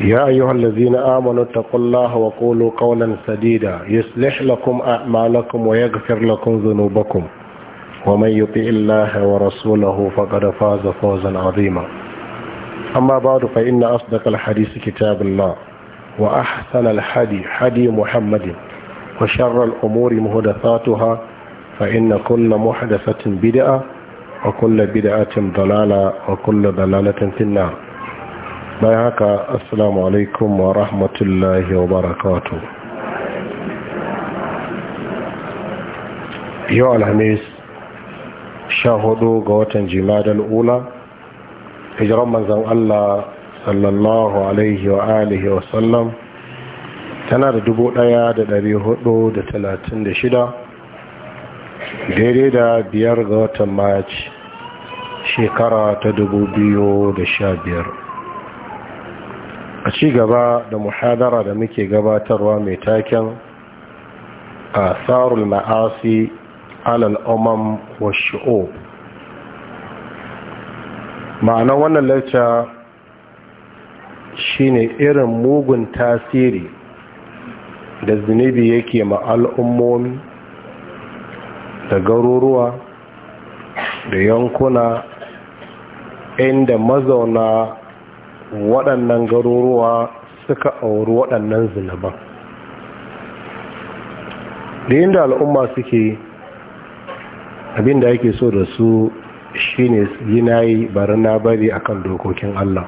يا أيها الذين آمنوا اتقوا الله وقولوا قولا سديدا يصلح لكم أعمالكم ويغفر لكم ذنوبكم ومن يطع الله ورسوله فقد فاز فوزا عظيما أما بعد فإن أصدق الحديث كتاب الله وأحسن الحدي حدي محمد وشر الأمور مهدثاتها فإن كل محدثة بدعة وكل بدعة ضلالة وكل ضلالة في النار bayan haka assalamu alaikum wa rahmatullahi wa barakatu yau alhamis sha hudu ga watan jimadan ula hijiran manzan allah sallallahu alaihi wa alihi wa sallam tana da dubu daya da dari hudu da talatin da shida daidai da biyar ga watan maci shekara ta dubu biyu da sha biyar a ci gaba da muhadara da muke gabatarwa mai taken a tsarul ma'asi alal umam wa shi'o ma'anar wannan lacca shine irin mugun tasiri da zunubi yake ma al'ummomi da garuruwa da yankuna inda mazauna waɗannan garuruwa suka auri waɗannan zunuban da inda al'umma suke abinda da ake so da su shine yi na yi bari na bari akan dokokin Allah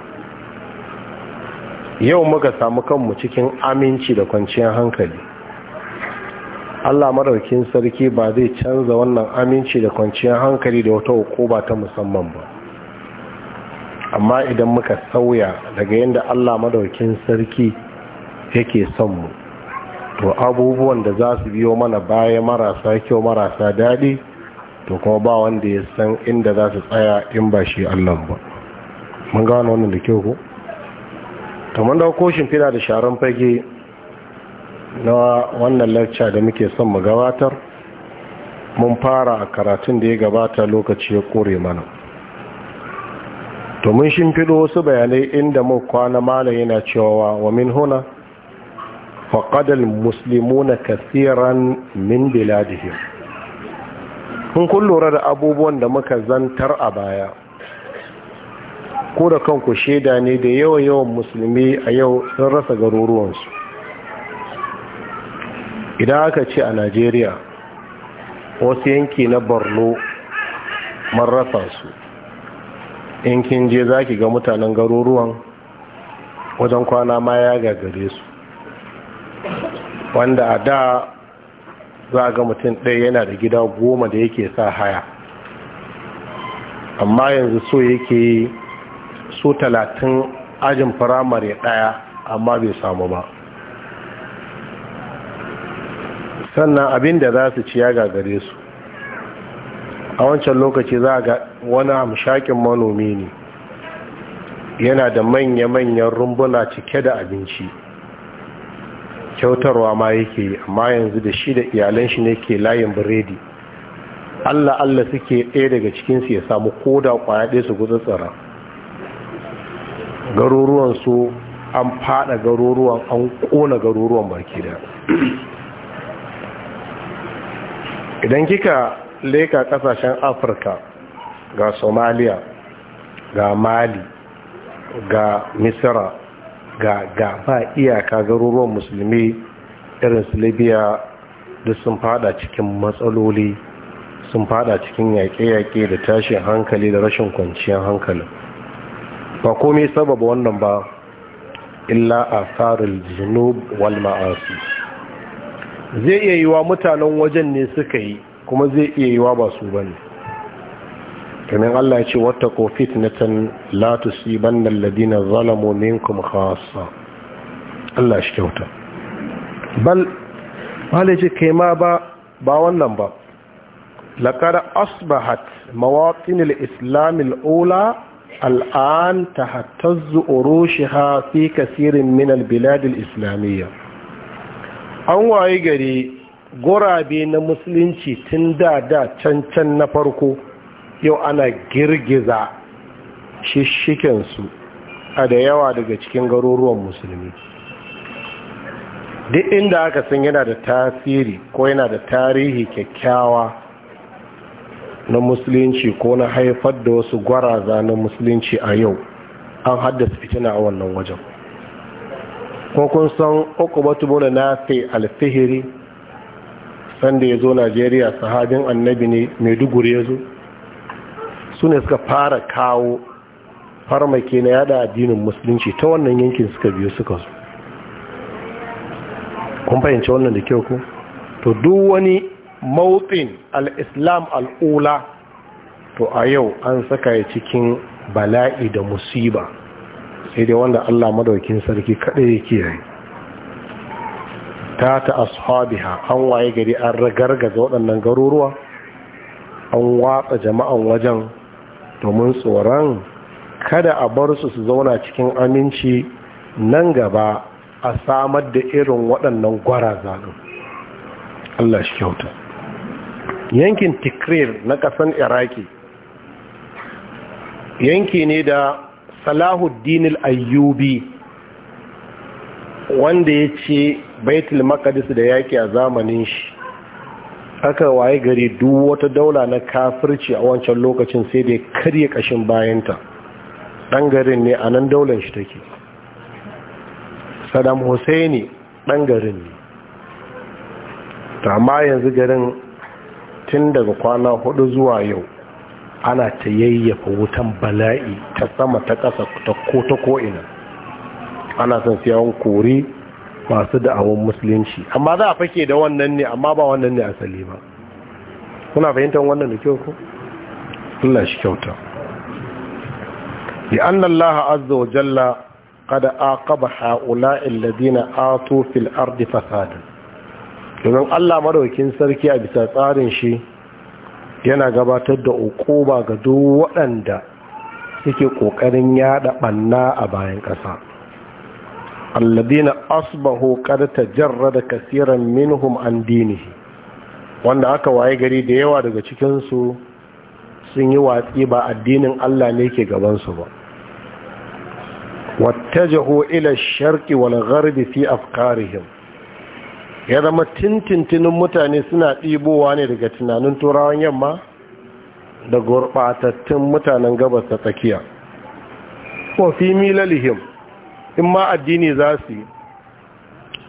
yau muka samu kanmu cikin aminci da kwanciyar hankali Allah maraukin sarki ba zai canza wannan aminci da kwanciyar hankali da wata hukuma ta musamman ba amma idan muka sauya daga yadda allah madaukin sarki yake son mu to abubuwan da za su biyo mana baya marasa kyau marasa daɗi to kuma ba wanda ya san inda za su tsaya in ba shi allah ba mun gano wannan da kyau ko to mun dauko shimfiɗa da sharan fage na wannan lacca da muke son mu gabatar mun fara a karatun da ya gabata lokaci ya kore mana to mun shimfiɗo wasu bayanai inda mu kwana mala yana cewa wa min huna faƙadar muslimuna kasiran min biladihim kun kun lura da abubuwan da muka zantar a baya ko da kanku shaida ne da yawa-yawan musulmi a yau sun rasa garuruwansu idan aka ce a najeriya wasu yanki na borno mun rasa su in kin je za ki ga mutanen garuruwan wajen kwana ma ya gagare su wanda a da za ga mutum ɗaya yana da gida goma da yake sa haya amma yanzu so yake so talatin ajin firamare ɗaya amma bai samu ba sannan abin da za su ciya gagare su a wancan lokaci za ga wani amshakin manomi ne yana da manya-manyan rumbuna cike da abinci kyautarwa ma yake amma yanzu da shi da iyalan shi ne ke layin biredi allah allah suke ɗaya daga cikinsu ya samu koda kwaya ɗaya su tsara. garuruwansu an fada garuruwan an kona garuruwan baki da idan kika leka kasashen afirka ga somaliya ga mali ga misira ga ga ba iyaka garuruwan musulmi irin su libya duk sun fada cikin matsaloli sun fada cikin yaƙe-yaƙe da tashin hankali da rashin kwanciyar hankali ba komai sababa wannan ba illa a tsarin zunub wal zai iya yi wa mutanen wajen ne suka yi kuma zai iya yiwa ba su bane kamin Allah ya ce wata ko fitnatan la tusibanna alladhina zalamu minkum khassa Allah shi kyauta bal wale ce kai ma ba ba wannan ba laqad asbahat mawaqin al-islam al-ula الآن تهتز أروشها في كثير من البلاد الإسلامية an waye gari gurabe na musulunci tun da da can na farko yau ana girgiza shishikensu a da yawa daga cikin garuruwan musulmi duk inda aka san yana da tasiri ko yana da tarihi kyakkyawa na musulunci ko na haifar da wasu gwaraza na musulunci a yau an haddasa fitina a wannan wajen ko kun san uku na fi alfihiri sanda ya zo najeriya sahabin annabi ne maiduguri ya zo su ne suka fara kawo farmaki na yada addinin musulunci ta wannan yankin suka biyu suka zo kun fahimci wannan da kyau ku to duk wani mautsin al'islam al'ula to a yau an saka ya cikin bala'i da musiba sai dai wanda allah madaukin sarki kaɗai ya kiyaye fatata ashabiha an waye gari an ragargaza waɗannan garuruwa an watsa jama'an wajen domin tsoron kada a bar su su zauna cikin aminci nan gaba a samar da irin waɗannan gwaraza ɗin Allah shi kyauta yankin tikrir na ƙasan iraki yanki ne da salahuddin ayyubi wanda ya ce baitul makadis da yaki a zamanin shi aka waye gari duk wata daula na kafirci a wancan lokacin sai da ya karye kashin bayanta dan garin ne a nan daular shi take saddam hussein dan garin ne amma yanzu garin tun daga kwana hudu zuwa yau ana ta yayyafa wutan bala'i ta sama ta ƙasa ta ko ta ko'ina ana son sai kore masu da'awan musulunci amma za a fake da wannan ne amma ba wannan ne asali ba kuna fahimtar wannan da kyau ko Allah shi kyauta لأن الله عز وجل قد عاقب هؤلاء الذين a في ardi fasada, domin Allah madaukin sarki a bisa tsarin shi yana gabatar da ba ga duk waɗanda suke ƙoƙarin yaɗa ɓanna a bayan ƙasa alladina asbahu kada da kasiran minhum an dinihi wanda aka waye gari da yawa daga cikinsu sun yi watsi ba addinin Allah ne ke gabansu ba wattajahu ila sharqi wal gharbi fi afkarihim ya zama tintintinin mutane suna ɗibowa ne daga tunanin turawan yamma da gurɓatattun mutanen gabas ta tsakiya ko fi milalihim in ma addini za su yi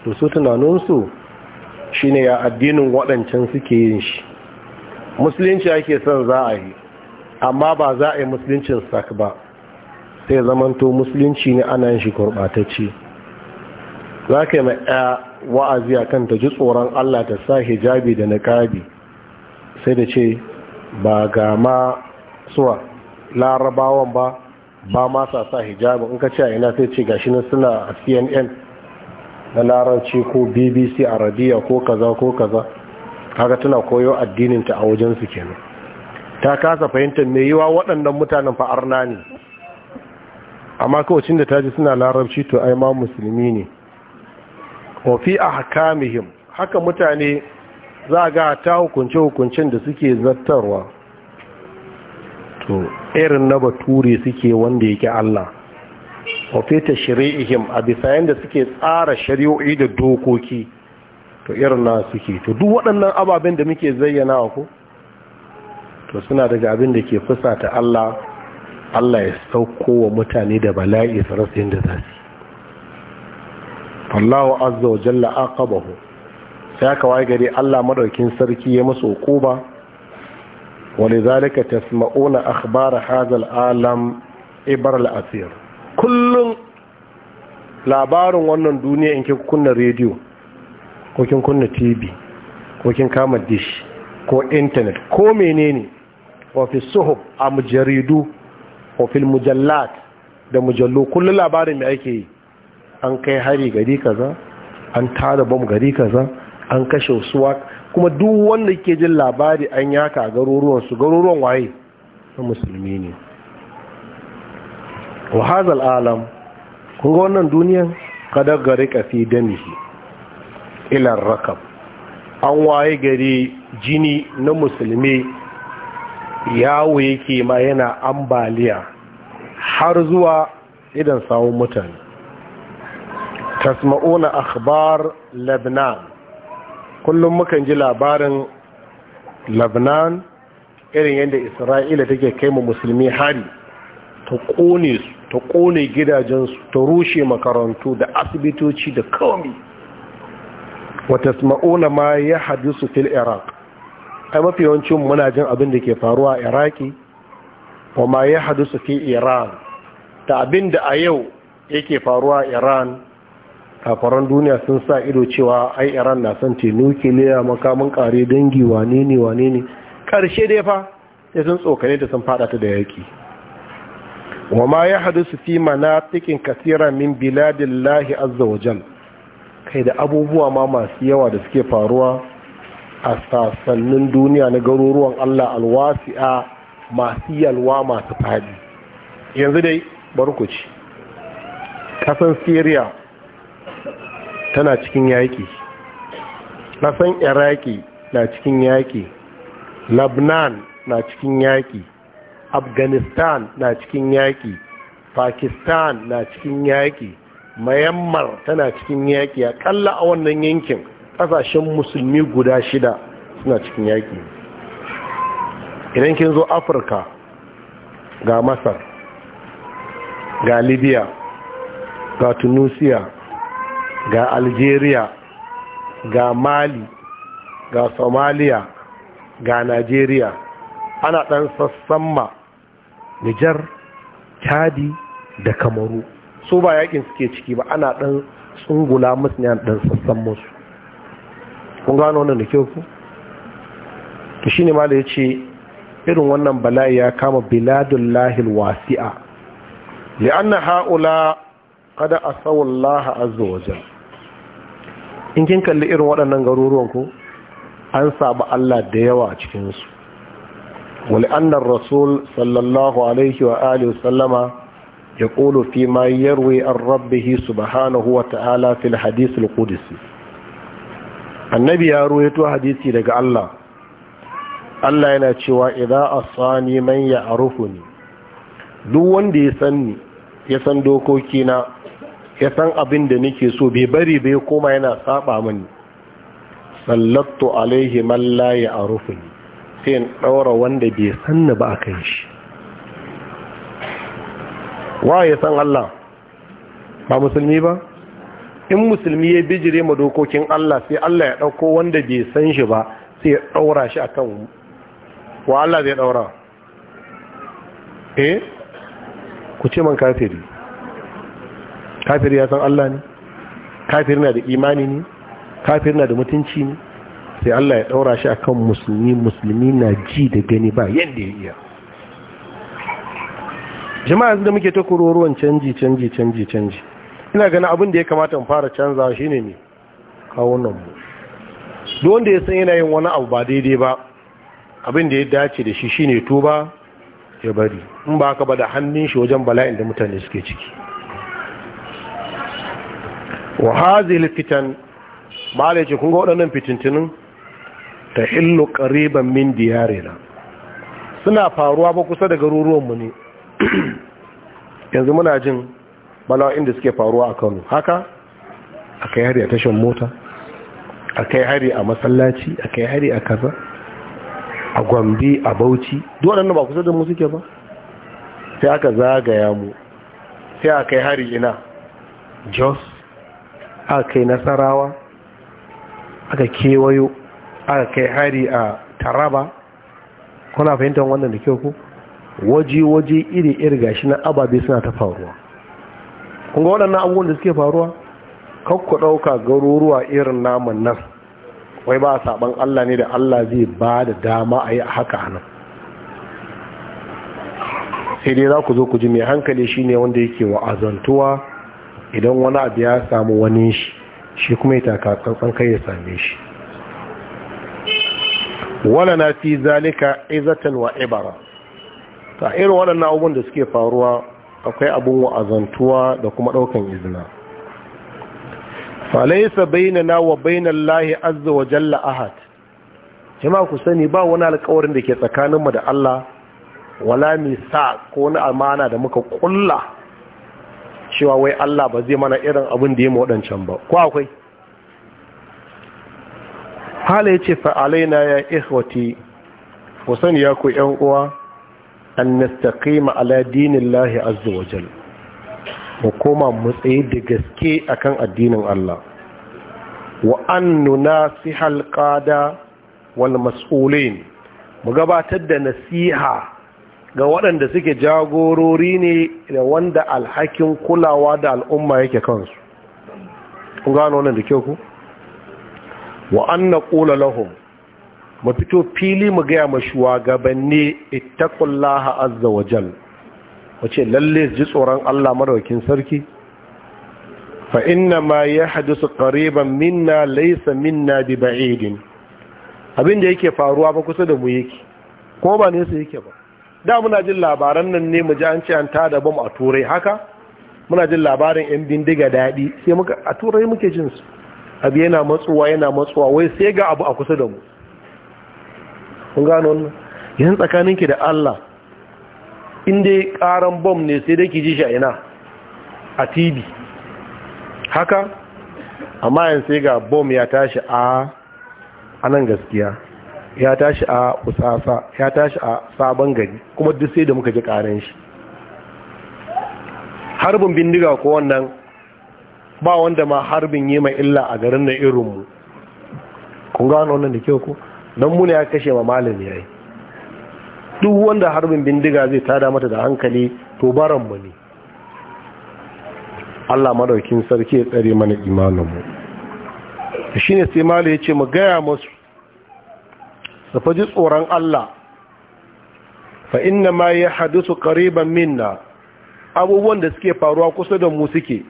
to su tunaninsu shi ne ya addinin waɗancan suke yin shi musulunci ake son za a yi amma ba za a yi musuluncin sak ba sai zamanto musulunci ne ana yin shi gurɓatacce za ka yi ma'a wa'azi a kan ta ji tsoron allah ta sa hijabi da niƙabi sai da ce ba ga ma suwa larabawan ba ba ma sa sa hijabi in ka ce a ina sai ce gashi nan suna a cnn na laranci ko bbc arabiya ko kaza ko kaza kaga tana koyo addinin ta a wajen su kenan ta kasa fahimtar me yiwa waɗannan mutanen fa arna ne amma kawacin da ta ji suna larabci to ai ma musulmi ne wa fi ahkamihim haka mutane za a ga ta hukunce hukuncen da suke zattarwa to irin na bature suke wanda yake Allah wa fita shari'ihim a bisa da suke tsara shari'o'i da dokoki to irin na suke to duk waɗannan ababen da muke zayyana ku to suna daga abin da ke fusata Allah Allah ya sauko wa mutane da bala'i su rasa yadda za su Allah azza wa jalla aqabahu sai aka waye gari Allah madaukin sarki ya musu uquba ولذلك تسمعون أخبار هذا العالم إبر الأثير كل labarin wannan duniya in kin kunna rediyo ko kin kunna tv ko kin kama dish ko intanet ko menene wa fi suhub a jaridu wa fil mujallat da mujallu kullum labarin mai ake yi an kai hari gari kaza an tara bom gari kaza an kashe suwak kuma duk wanda ke jin labari an yaka a garuruwan su garuruwan waye na musulmi ne wahazal alam kun ga wannan duniyan Kada gari kafi damihi ilar rakab an waye gari jini na musulmi yawo yake ma yana ambaliya har zuwa idan sawun mutane tasma'una akhbar lebanon kullum mukan ji labarin labnan irin yadda isra'ila take kai mu musulmi hari ta kone gidajensu ta rushe makarantu da asibitoci da kawami wata sma'una ma ya hadisu fil iraq ai mafi yawancin muna jin abin da ke faruwa a iraki wa ma ya hadisu fi iran da abin da a yau yake faruwa a iran kafaran duniya sun sa ido cewa ai iran na son ce nukiliya makamin kare dangi wane ne wane ne karshe dai fa sai sun tsokane da sun fada ta da yaki wa ma ya su fi tikin kasira min biladillahi azza wa kai da abubuwa ma masu yawa da suke faruwa a sassannin duniya na garuruwan Allah alwasi'a masu yalwa masu fadi yanzu dai barkuci kasan syria tana cikin yaƙi ƙasan iraki na cikin yaƙi labnan na cikin yaƙi afghanistan na cikin yaƙi pakistan na cikin yaƙi mayammar tana cikin yaƙi a aƙalla a wannan yankin ƙasashen musulmi guda shida suna cikin yaƙi idan kin zo afirka ga masar ga libya ga tunisia ga algeria ga mali ga somalia ga nigeria ana ɗan sassamma nijar chadi da kamaru su ba yakin suke ciki ba ana ɗan tsungula musu ne ɗan sassan musu kun gano wannan da kyau ku to shine mala ya ce irin wannan bala'i ya kama biladun lahil wasi'a li'anna ha'ula kada asawullaha azza wa in kin kalli irin waɗannan garuruwan ku an saba Allah da yawa a cikinsu Wani annar rasul sallallahu alaihi wa alihi sallama ya ƙolo fi ma yarwi an rabbihi subhanahu wa ta'ala fil hadith al-qudsi annabi ya ruwaito hadisi daga Allah Allah yana cewa idza asani man ya'rufuni duk wanda ya sanni ya san dokokina. ya san abin da nake so bai bari bai koma yana saba mani sallattu alaihi man la ya'rufuni sai in daura wanda bai sanna ba akan shi wa ya san Allah ba musulmi ba in musulmi ya bijire ma dokokin Allah sai Allah ya dauko wanda bai san shi ba sai ya daura shi akan wa Allah zai daura eh ku ce man kafiri kafir ya san Allah ne kafir na da imani ne kafir na da mutunci ne sai Allah ya daura shi akan musulmi musulmi na ji da gani ba yadda ya iya jama'a da muke ta kururuwan canji canji canji canji ina ganin abin da ya kamata mu fara canza shine ne kawunan mu duk wanda ya san yana yin wani abu ba daidai ba abin da ya dace da shi shine tuba ya bari in ba ka ba da hannun shi wajen bala'in da mutane suke ciki wa hazil fitan ba da ce kunga waɗannan fitintunin ta illu ƙariban min diyarina suna faruwa ba kusa da garuruwanmu ne yanzu muna jin bala'o'in da suke faruwa a kano haka a kai hari a tashin mota a kai hari a masallaci a kai hari a kaza a gwambi a bauchi waɗannan ba kusa da mu suke ba sai aka zagaya mu sai a kai hari ina jos aka kai nasarawa aka kewayo aka kai hari a taraba kuna fahimtar wannan da kyau ku waje-waje iri-iri gashi na ababe suna ta faruwa kunga waɗannan abubuwan da suke faruwa kakku ɗauka garuruwa irin naman nan wai ba a saɓan allah ne da allah zai ba da dama a yi a nan sai dai za ku zo ku ji mai hankali shine wanda yake wa'azantuwa idan wani abu ya samu wani shi shi kuma ya taka tsantsan kai ya same shi wala na fi zalika izatan wa ibara ta irin waɗannan abubuwan da suke faruwa akwai abun wa'azantuwa da kuma ɗaukan izina falaisa na wa bainan lahi azza wa jalla ahad jama'a ku sani ba wani alkawarin da ke tsakaninmu da Allah wala misa ko wani amana da muka kulla cewa wai Allah ba zai mana irin abin da ya waɗancan ba ko akwai hala ce fa alaina ya ikhwati ku sani ya ku yan uwa an nastaƙi ma’ala dinin lahi wa wajen. mu koma mu da gaske a kan addinin Allah wa an nuna si halƙada wal mas'ulin mu gabatar da nasiha ga waɗanda suke jagorori ne da wanda alhakin kulawa da al'umma yake kansu kun gano wannan da kyau ku wa anna qula lahum mu fito fili mu gaya ma shugabanni ittaqullaha azza wa jal wace lalle ji tsoron Allah madaukin sarki fa inna ma yahdusu qariban minna laysa minna bi ba'idin abin da yake faruwa ba kusa da mu yake ko ba ne su yake ba da muna jin labaran nan ne mu ji an ce an tada bom a turai haka muna jin labarin yan bindiga daɗi sai muka a turai muke jin su abu yana matsuwa yana matsuwa wai sai ga abu a kusa da mu kun gano wannan yan ki da Allah in dai karan bom ne sai dai ki ji shi a ina a TV haka amma yan sai ga bom ya tashi a anan gaskiya ya tashi a kusasa ya tashi a sabon gari kuma duk sai da muka ji karen shi harbin bindiga ko wannan ba wanda ma harbin yi mai illa a garin na irinmu kun gano wannan da kyau ko don muna ya kashe ma malami yi duk wanda harbin bindiga zai tada mata da hankali to baran mu ne Allah madaukin sarki ya tsare mana imanin mu shine sai malu ya ce mu gaya masu. su ji tsoron Allah fa inna ma ya hadisu qariban minna abubuwan da suke faruwa kusa da mu suke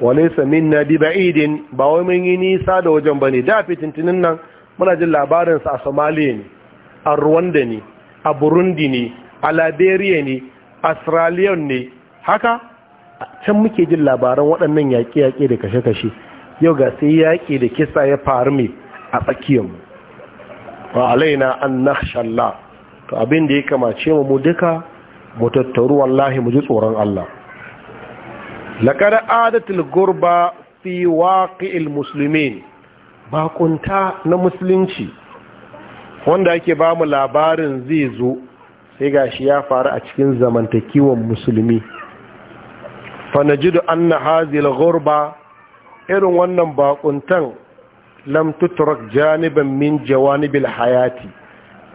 Wani minna bi ba'idin ba wai mun yi nisa da wajen bane da fitintinin nan muna jin labarin a Somaliya ne a Rwanda ne a Burundi ne a Liberia ne Australia ne haka can muke jin labaran waɗannan yaƙe-yaƙe da kashe-kashe yau ga sai yaƙi da kisa ya faru mai a tsakiyar mu. wa alaina an shalla to abin da ya kamace mu duka mu tattaru wallahi mu ji tsoron Allah laqad adatul gurba fi waqi'il muslimin bakunta na musulunci wanda yake ba mu labarin zai zo sai gashi ya faru a cikin zamantakewan musulmi fa najidu anna hazil gurba irin wannan bakuntan lam tutrak janiban min jawanibil hayati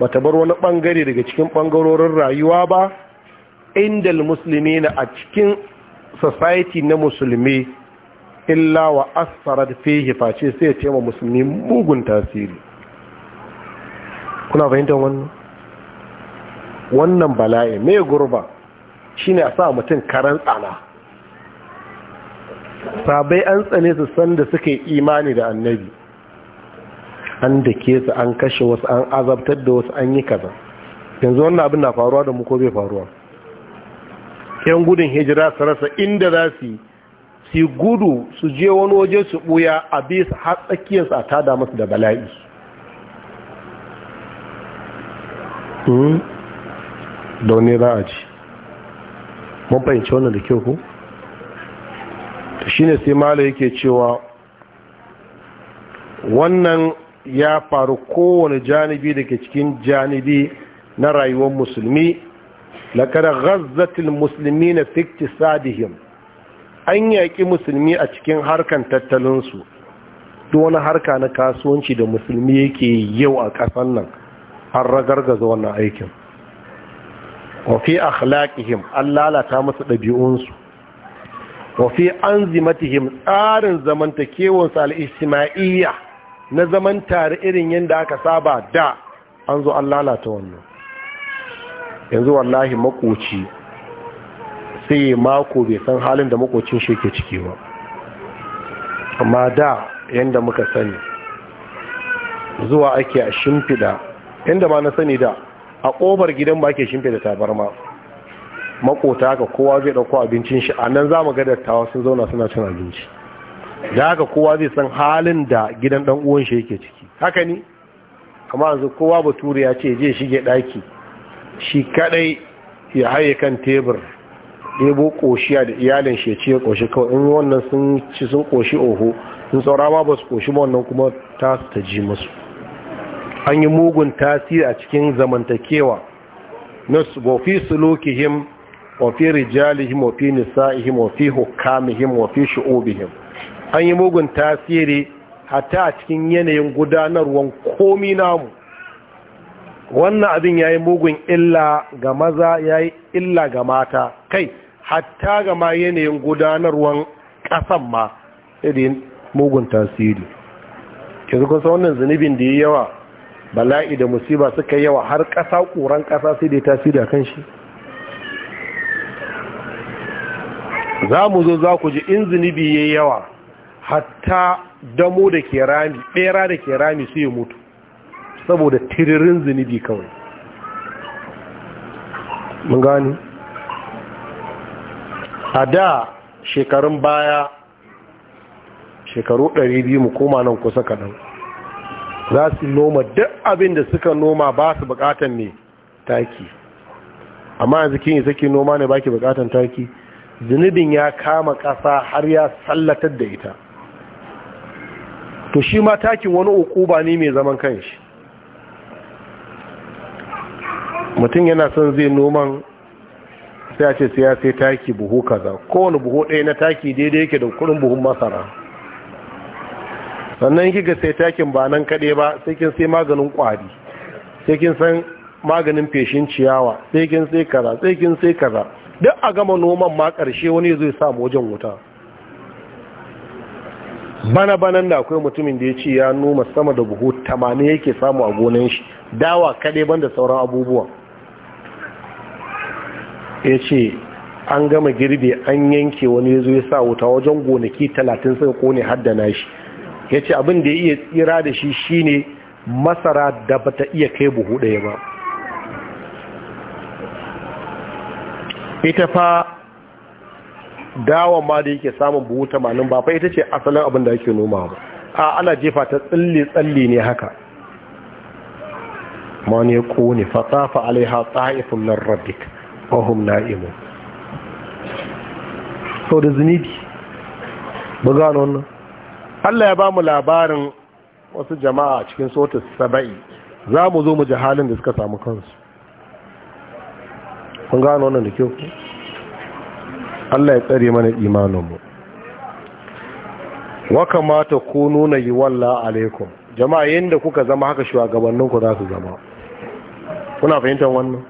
bata bar wani bangare daga cikin bangarorin rayuwa ba inda musulmi na a cikin society na musulmi illa wa asfarat fihi face sai ce ma musulmi mugun tasiri kuna fahimtar wannan wannan bala'i mai gurba shine a sa mutum karan tsana sabai an tsane su sanda suka yi imani da annabi an da ke su an kashe wasu an azabtar da wasu an yi kaza yanzu wannan abin na faruwa da mu ko bai faruwa yan gudun hijira su rasa inda za su yi gudu su je wani waje su buya a bi su har tsakiyarsu a tada masu da bala'i hmm? da wani za a ci mun fahimci wannan da kyau ko shi ne sai mala yake cewa wannan ya faru kowane janibi da ke cikin janibi na rayuwar musulmi laƙar ghazzatil musulmi na fikci sadihim an yaƙi musulmi a cikin harkan tattalinsu duk wani harka na kasuwanci da musulmi yake yau a ƙasar nan an ragargaza wannan aikin wafi akhlaqihim an lalata masu ɗabi'unsu wafi an zimatihim tsarin zamantakewarsu al'istima'iyya na zaman tare irin yadda aka saba da an zo an lalata wannan yanzu wallahi makoci sai mako bai san halin da makocin shi ke ciki ba amma da yadda muka sani zuwa ake a shimfida yadda ma na sani da a ƙofar gidan ba ke shimfida tabarma makota haka kowa zai ɗauko abincin shi a nan za mu ga dattawa sun zauna suna cin abinci da haka kowa zai san halin da gidan dan uwan shi yake ciki haka ne Kama yanzu kowa bature ya ce je shige ɗaki, shi kadai ya haye kan tebur ɗebo koshiya da iyalin shi ya ce koshi kawai in wannan sun ci sun koshi oho sun saura ma ba su koshi ma wannan kuma ta su ta ji musu an yi mugun tasiri a cikin zamantakewa wa fi sulukihim wa fi rijalihim wa fi nisa'ihim wa fi hukamihim wa fi shu'ubihim an yi mugun tasiri hatta a cikin yanayin gudanarwan komi namu wannan abin ya yi mugun illa ga maza ya yi illa ga mata kai hatta ga ma yanayin gudanarwan ƙasan ma irin mugun tasiri yanzu kusa wannan zunubin da yi yawa bala'i da musiba suka yawa har ƙasa ƙoran ƙasa sai da tasiri a kan shi za mu zo za ku ji in zunubi ya yawa hatta damo da ke rami bera da ke rami su ya mutu saboda tiririn zunubi kawai mun gani a da shekarun baya shekaru 200 mu koma nan kusa kaɗan za su noma duk abin da suka noma ba su bukatan ne taki amma yanzu kin yi sake noma ne baki bukatan taki zunubin ya kama ƙasa har ya sallatar da ita to shi ma takin wani ukuba ne mai zaman kanshi mutum yana son zai noman sai a ce siya sai taki buhu kaza kowane buhu ɗaya na taki daidai yake da kurin buhun masara sannan kika sai takin ba nan kaɗai ba sai kin sai maganin ƙwari sai kin san maganin feshin ciyawa sai kin sai kaza sai kin sai kaza duk a gama noman ma ƙarshe wani zai samu wajen wuta bana banan da akwai mutumin da ya ce ya noma sama da buhu tamanin yake samu a gonan shi dawa kaɗai ban da sauran abubuwa ya ce an gama girbe an yanke wani ya zo ya sa wuta wajen gonaki talatin suka kone haddana shi ya ce abin da ya iya tsira da shi shine masara da bata iya kai buhu ɗaya ba ita fa dawon ma da yake samun buhu tamanin ba fa ita ce asalin abin da ake noma ba a ana jefa ta tsalle-tsalle ne haka ma ne kone fatsafa alaiha tsa'ifin nan rabbik ohun na'imu so da zunubi ba gano wannan allah ya ba mu labarin wasu jama'a cikin sota saba'i za mu zo mu ji halin da suka samu kansu kun gano wannan da kyau Allah ya tsare mana imaninmu wa kamata ku nuna yi walla alaikum jama'a yadda kuka zama haka shugabanninku za su zama kuna fahimtar wannan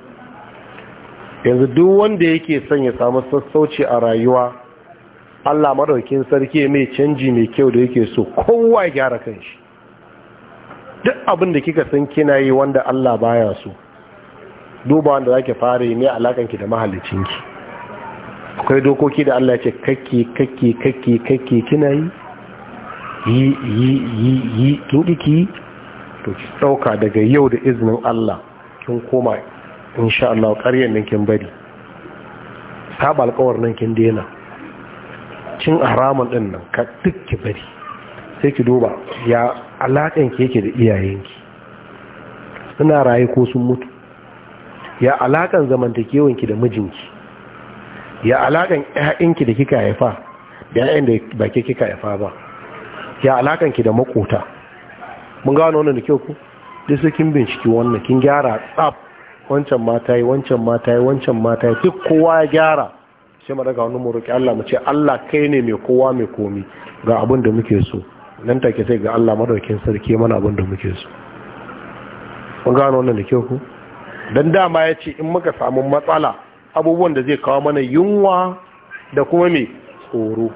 yanzu duk wanda yake son ya samu sassauci a rayuwa Allah madaukin sarki mai canji mai kyau da yake so kowa ya gyara kanshi duk abin da kika san kina yi wanda Allah baya so duba wanda zake fara yi ne ki da ki? akwai dokoki da Allah ce kakki kakki kakki kakki kina yi yi yi yi yi kin diki to ki dauka daga yau da iznin Allah kin koma insha Allah ƙaryar nan kin bari saba alƙawar nan kin dena cin haramun din nan ka duk ki bari sai ki duba ya alaƙan ki yake da iyayenki suna raye ko sun mutu ya alaƙan zamantakewanki da mijinki ya alakan ƴaƴanki da kika haifa da ƴaƴan da ba ke kika haifa ba ya alakan ki da makota mun gano wannan da kyau ku duk su kin binciki wannan kin gyara tsaf wancan mata yi wancan mata yi wancan mata yi duk kowa ya gyara sai mu daga wani mu roki Allah mu ce Allah kai ne mai kowa mai komi ga abin da muke so nan take sai ga Allah madaukin sarki mana abin da muke so mun gano wannan da kyau ku dan dama ya ce in muka samu matsala abubuwan da zai kawo mana yunwa da kuma mai tsoro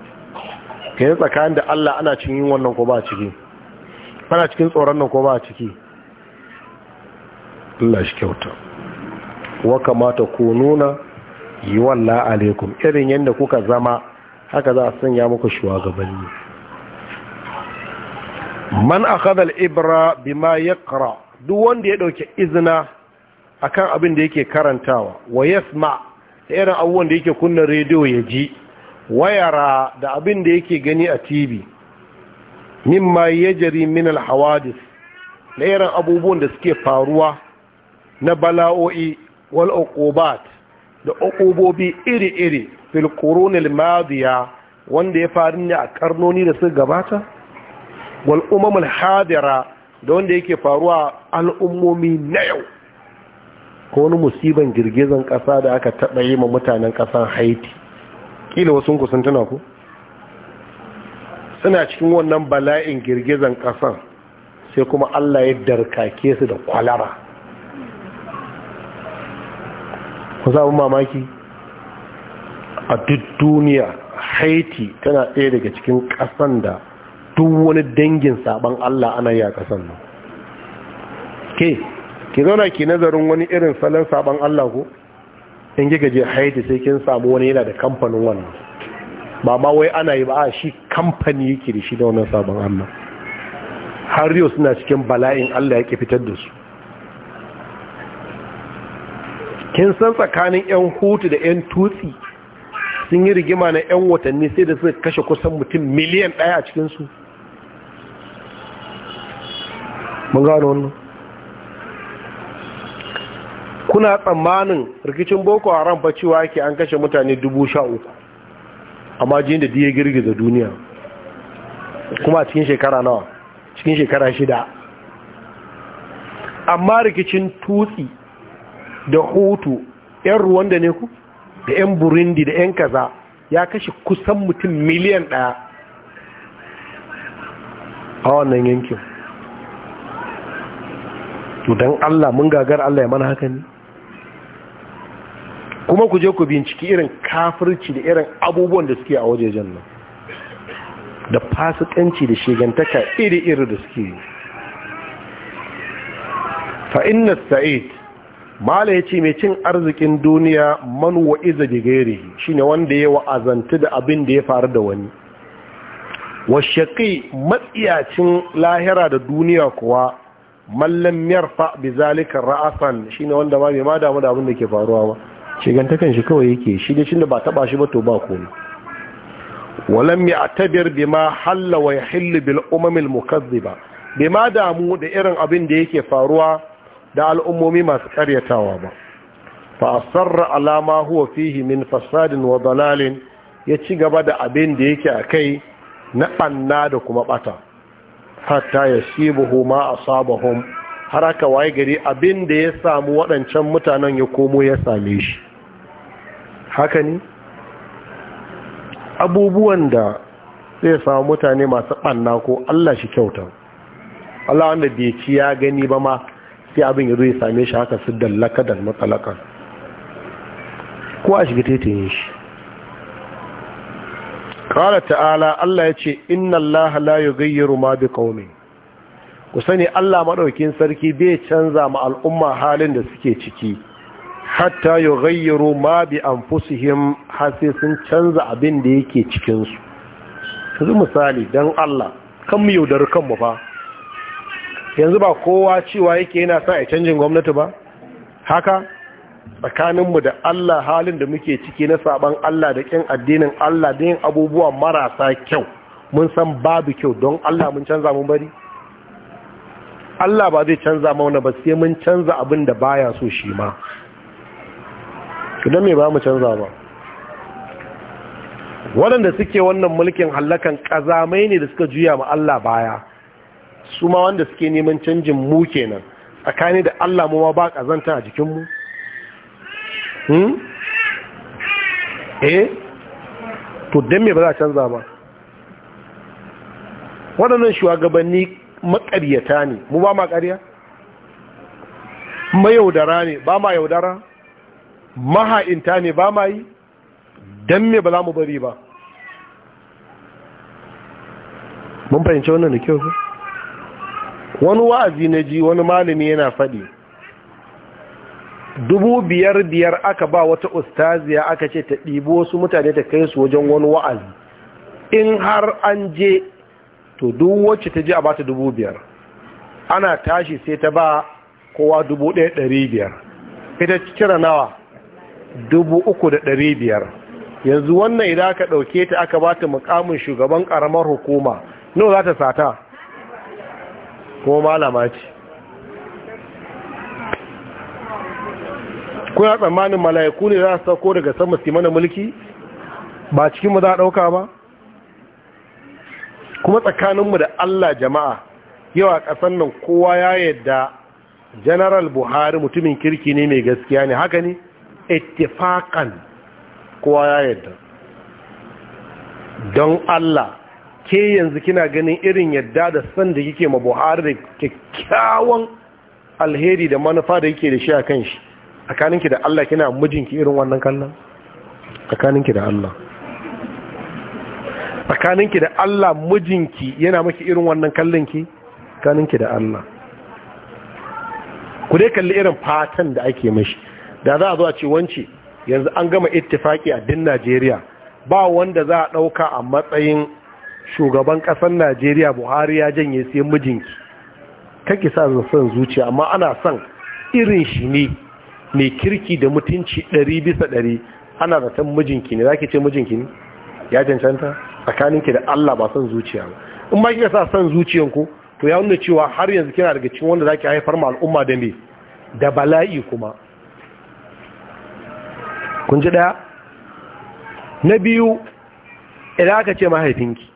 yi tsakanin da Allah ana cin yunwan ko ba ciki ana cikin tsoron nan ko ba ciki Allah shi kyauta wa kamata ku nuna yi walla alaikum irin yadda kuka zama haka za a sanya muku shugabanni man akhadha al-ibra bima kara duk wanda ya dauke izina akan abin da yake karantawa wa yasma da irin abubuwan da yake kunna rediyo ya ji wayara da abin da yake gani a tv mimma ya jari min alhawadis da irin abubuwan da suke faruwa na bala'o'i wal da okobobi iri-iri fil qurunil wanda ya faru ne a karnoni da suka gabata wal umamul hadira da wanda yake faruwa al'ummomi na yau ko wani musiban girgizan kasa da aka taɓa yi ma mutanen ƙasan haiti ƙila wasu sun tuna ku suna cikin wannan bala'in girgizan ƙasan sai kuma allah ya darkake su da kwalara ku sabu mamaki a duk duniya haiti tana ɗaya daga cikin ƙasan da duk wani dangin sabon allah ana yi a ƙasar nan ke ki zauna ki nazarin wani irin salon sabon Allah ko in ji je haiti sai kin samu wani yana da kamfanin wannan ba ma wai ana yi ba a shi kamfani yake da shi da wannan sabon Allah har yau suna cikin bala'in Allah ke fitar da su kin san tsakanin yan hutu da yan tutsi sun yi rigima na yan watanni sai da suka kashe kusan mutum miliyan ɗaya a cikinsu mun gano wannan kuna tsammanin rikicin boko haram fa cewa yake an kashe mutane dubu sha uku amma jin da diya girgiza duniya kuma cikin shekara nawa cikin shekara shida amma rikicin tutsi da hutu 'yan ruwanda ne ku da 'yan burundi da 'yan kaza ya kashe kusan mutum miliyan ɗaya a wannan yankin don allah mun gagar allah ya mana haka ne kuma ku je ku binciki irin kafirci da irin abubuwan da suke a wajejen nan da fasikanci da shigantaka iri-iri da suke yi fa'inna sa'id mala ya ce mai cin arzikin duniya man iza da gairi shine wanda ya wa'azanta da abin da ya faru da wani washaƙi matsiyacin lahira da duniya kuwa mallam yarfa bi zalika ra'asan shine wanda ba mai ma damu da abin da ke faruwa ba shigantakan shi kawai yake shi da shinda ba taba shi ba to ba komai walam ya'tabir bima halla wa yahill bil umam al mukaththiba bima damu da irin abin da yake faruwa da al'ummomi masu karyatawa ba fa asarra ala ma huwa fihi min fasadin wa dalalin ya ci gaba da abin da yake akai na banna da kuma bata hatta yasibuhu ma asabahum har aka waye gari abin da ya samu waɗancan mutanen ya komo ya same shi haka ne abubuwan da zai samu mutane masu ɓanna ko Allah shi kyauta Allah wanda bai ci ya gani ba ma sai abin ya zo ya same shi haka su dallaka da matsalaka ko a shiga yin shi ƙara ta'ala Allah ya ce inna Allah la yughayyiru ma bi qaumin ku sani Allah maɗaukin sarki bai canza ma al'umma halin da suke ciki hatta yughayyiru ma bi anfusihim har sun canza abin da yake cikin su yanzu misali dan Allah kan mu yaudar kanmu ba. yanzu ba kowa cewa yake yana sa a canjin gwamnati ba haka tsakaninmu da Allah halin da muke ciki na saban Allah da kin addinin Allah da yin abubuwa marasa kyau mun san babu kyau don Allah mun canza mun bari Allah ba zai canza mauna ba sai mun canza abin da baya so shi ma Idan mai me ba mu canza ba waɗanda suke wannan mulkin hallakan ƙazamai ne da suka juya ma Allah baya su ma wanda suke neman canjin mu kenan tsakani da Allah mu ma ba ƙazanta a jikinmu hmm? eh to don me ba za a canza ba waɗannan shugabanni maƙaryata ne mu ba ma ƙarya mayaudara ne ba ma yaudara maha'inta ne ba ma yi don me ba za mu bari ba mun fahimci wannan da kyau wani wa'azi na ji wani malami yana faɗi dubu biyar biyar aka ba wata ustaziya aka ce ta ɗibo wasu mutane ta kai su wajen wani wa'azi in har an je to duk wacce ta ji a bata dubu biyar ana tashi sai ta ba kowa dubu ɗaya ɗari biyar ita cire nawa dubu uku da ɗari biyar yanzu wannan idan aka ɗauke ta aka ba ta mukamin shugaban ƙaramar hukuma nawa za ta sata ko malama ce kuna tsammanin malayaku ne za su sauko daga sama su mana mulki ba cikinmu za a ɗauka ba kuma tsakaninmu da allah jama'a yawa ƙasar nan kowa ya yadda general buhari mutumin kirki ne mai gaskiya ne haka ne ittifaqan kowa ya yadda don Allah ke yanzu kina ganin irin yadda da san da kike ma Buhari da kyakkyawan alheri da manufa da yake da shi a kan shi tsakaninki da Allah kina mijinki irin wannan kallon tsakaninki da Allah tsakaninki da Allah mijinki yana maki irin wannan kallon ki tsakaninki da Allah ku dai kalli irin fatan da ake mashi da za a zo a ce wance yanzu an gama ittifaki a din najeriya ba wanda za a ɗauka a matsayin shugaban ƙasar najeriya buhari ya janye sai mijinki kake sa son zuciya amma ana son irin shi ne mai kirki da mutunci ɗari bisa ɗari ana zaton mijinki ne za ki ce mijinki ne ya cancanta tsakaninki da allah ba son zuciya ba in ba kika sa son zuciyanku to ya nuna cewa har yanzu kina daga cikin wanda za ki haifar ma al'umma da me da bala'i kuma kun ji ɗaya na biyu idan aka ce mahaifinki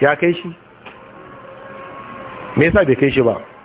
ya kai shi me yasa bai kai shi ba